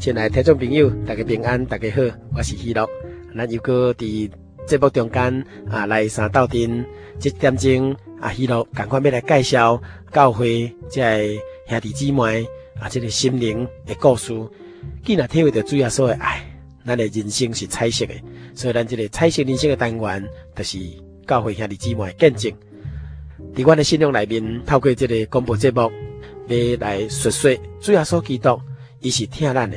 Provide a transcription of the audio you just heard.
親愛的聽眾朋友，大家平安，大家好，我是希樂。咱又過佇節目中間啊，來三鬥陣，這一點鐘啊，希樂趕快要來介紹教會即個兄弟姊妹啊，即個心靈的故事。既日體會到主耶穌的愛，咱的人生是彩色的。所以咱呢個彩色人生的單元，就是教會兄弟姊妹見證。喺我的信仰內面，透過呢個廣播節目嚟來述說主耶穌基督，伊是疼咱的。